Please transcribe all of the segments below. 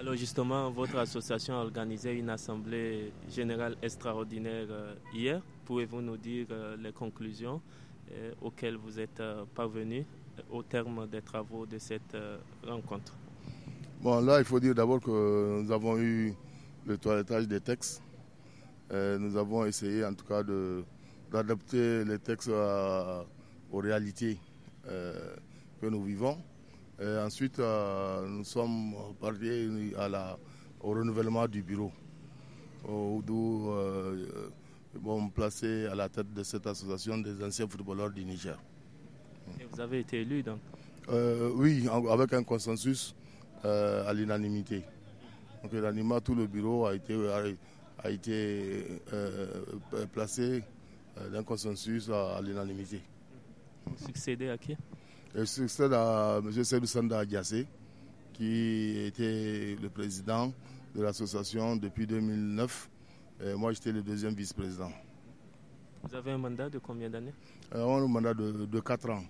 Alors justement, votre association a organisé une assemblée générale extraordinaire euh, hier. Pouvez-vous nous dire euh, les conclusions euh, auxquelles vous êtes parvenu au terme des travaux de cette rencontre Bon, là, il faut dire d'abord que nous avons eu le toilettage des textes. nous avons essayé en tout cas d'adapter les textes aux réalités que nous vivons ensuite, euh, nous sommes partis à la, au renouvellement du bureau, d'où euh, bon, placé à la tête de cette association des anciens footballeurs du Niger. vous avez été élu donc euh, Oui, avec un consensus euh, à l'unanimité. Donc l'anima, tout le bureau a été, a, été placé d'un consensus à, à l'unanimité. Vous succédez à qui je succède à M. Sanda Diassé, qui était le président de l'association depuis 2009. moi, j'étais le deuxième vice-président. Vous avez un mandat de combien d'années euh, On a un mandat de, de 4 ans.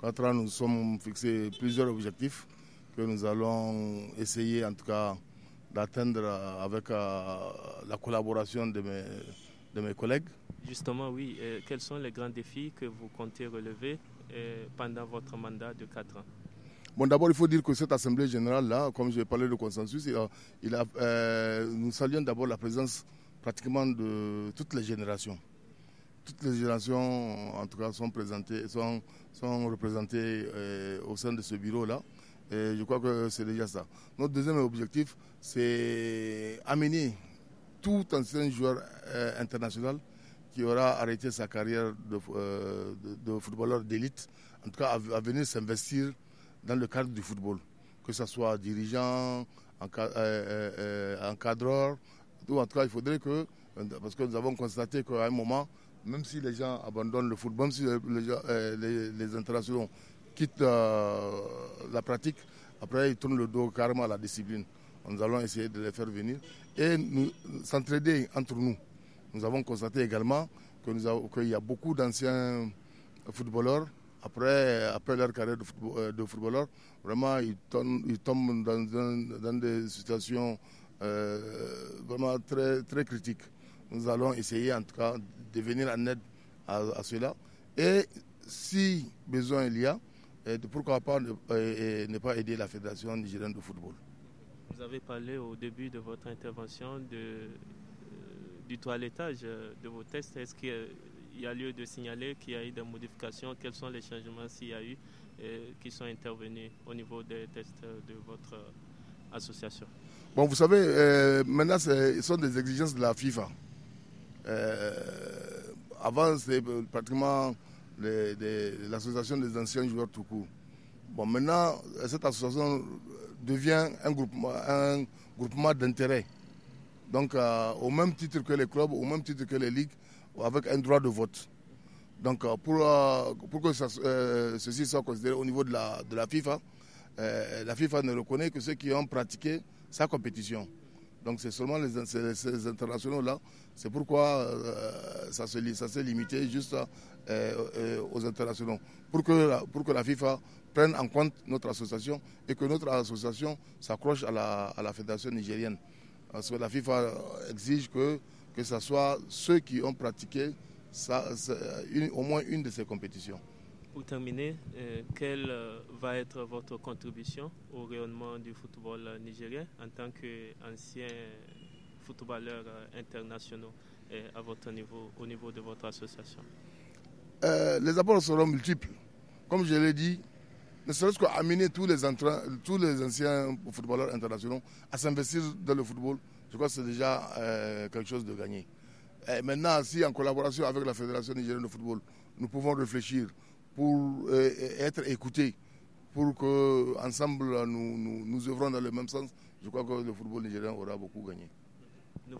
4 ans, nous sommes fixés plusieurs objectifs que nous allons essayer, en tout cas, d'atteindre avec euh, la collaboration de mes, collègues. Justement, oui. quels sont les grands défis que vous comptez relever euh, pendant votre mandat de 4 ans Bon, d'abord, il faut dire que cette Assemblée générale-là, comme je parler de consensus, il a, euh, nous saluons d'abord la présence pratiquement de toutes les générations. Toutes les générations, en tout cas, sont, présentées, sont, sont représentées euh, au sein de ce bureau-là. Et je crois que c'est déjà ça. Notre deuxième objectif, c'est amener tout ancien joueur international qui aura arrêté sa carrière de, euh, footballeur d'élite, en tout cas à, venir s'investir dans le cadre du football, que ce soit dirigeant, euh, euh, encadreur, ou en tout cas il faudrait que, parce que nous avons constaté qu'à un moment, même si les gens abandonnent le football, même si les, internationaux quittent la pratique, après ils tournent le dos carrément à la discipline. Nous allons essayer de les faire venir et s'entraider entre nous. Nous avons constaté également qu'il y a beaucoup d'anciens footballeurs, après, après leur carrière de, euh, footballeur, vraiment, ils tombent, dans, des situations euh, vraiment très, très critiques. Nous allons essayer, en tout cas, de venir en aide à, à cela. Et si besoin il y a, pourquoi pas ne, ne, pas aider la Fédération nigérienne de football. Vous avez parlé au début de votre intervention de du toilettage euh, de vos tests, est-ce qu'il y a lieu de signaler qu'il y a eu des modifications Quels sont les changements, s'il y a eu, euh, qui sont intervenus au niveau des tests euh, de votre association Bon, vous savez, maintenant, ce sont des exigences de la FIFA. avant, c'était pratiquement l'association des anciens joueurs tout court. Bon, maintenant, cette association devient un groupement, un groupement d'intérêt. Donc, euh, au même titre que les clubs, au même titre que les ligues, avec un droit de vote. Donc, euh, euh, pour, que ceci soit considéré au niveau de la, FIFA, la FIFA ne reconnaît que ceux qui ont pratiqué sa compétition. Donc, c'est seulement les, ces internationaux-là. C'est pourquoi ça s'est limité juste aux internationaux. Pour que, la, FIFA prenne en compte notre association et que notre association s'accroche à la, à la fédération nigérienne. Parce que la FIFA euh, exige que, ce soit ceux qui ont pratiqué euh, au moins une de ces compétitions. Pour terminer, euh, quelle va être votre contribution au rayonnement du football nigérien en tant qu'ancien footballeur international et à au niveau de votre association Les apports seront multiples. Comme je l'ai dit, ne serait-ce qu'amener tous les, anciens footballeurs internationaux à s'investir dans le football, je crois que c'est déjà euh, quelque chose de gagné. maintenant, si en collaboration avec la Fédération nigérienne de football, nous pouvons réfléchir pour euh, être écoutés, pour qu'ensemble nous, œuvrons dans le même sens, je crois que le football nigérien aura beaucoup gagné. Nous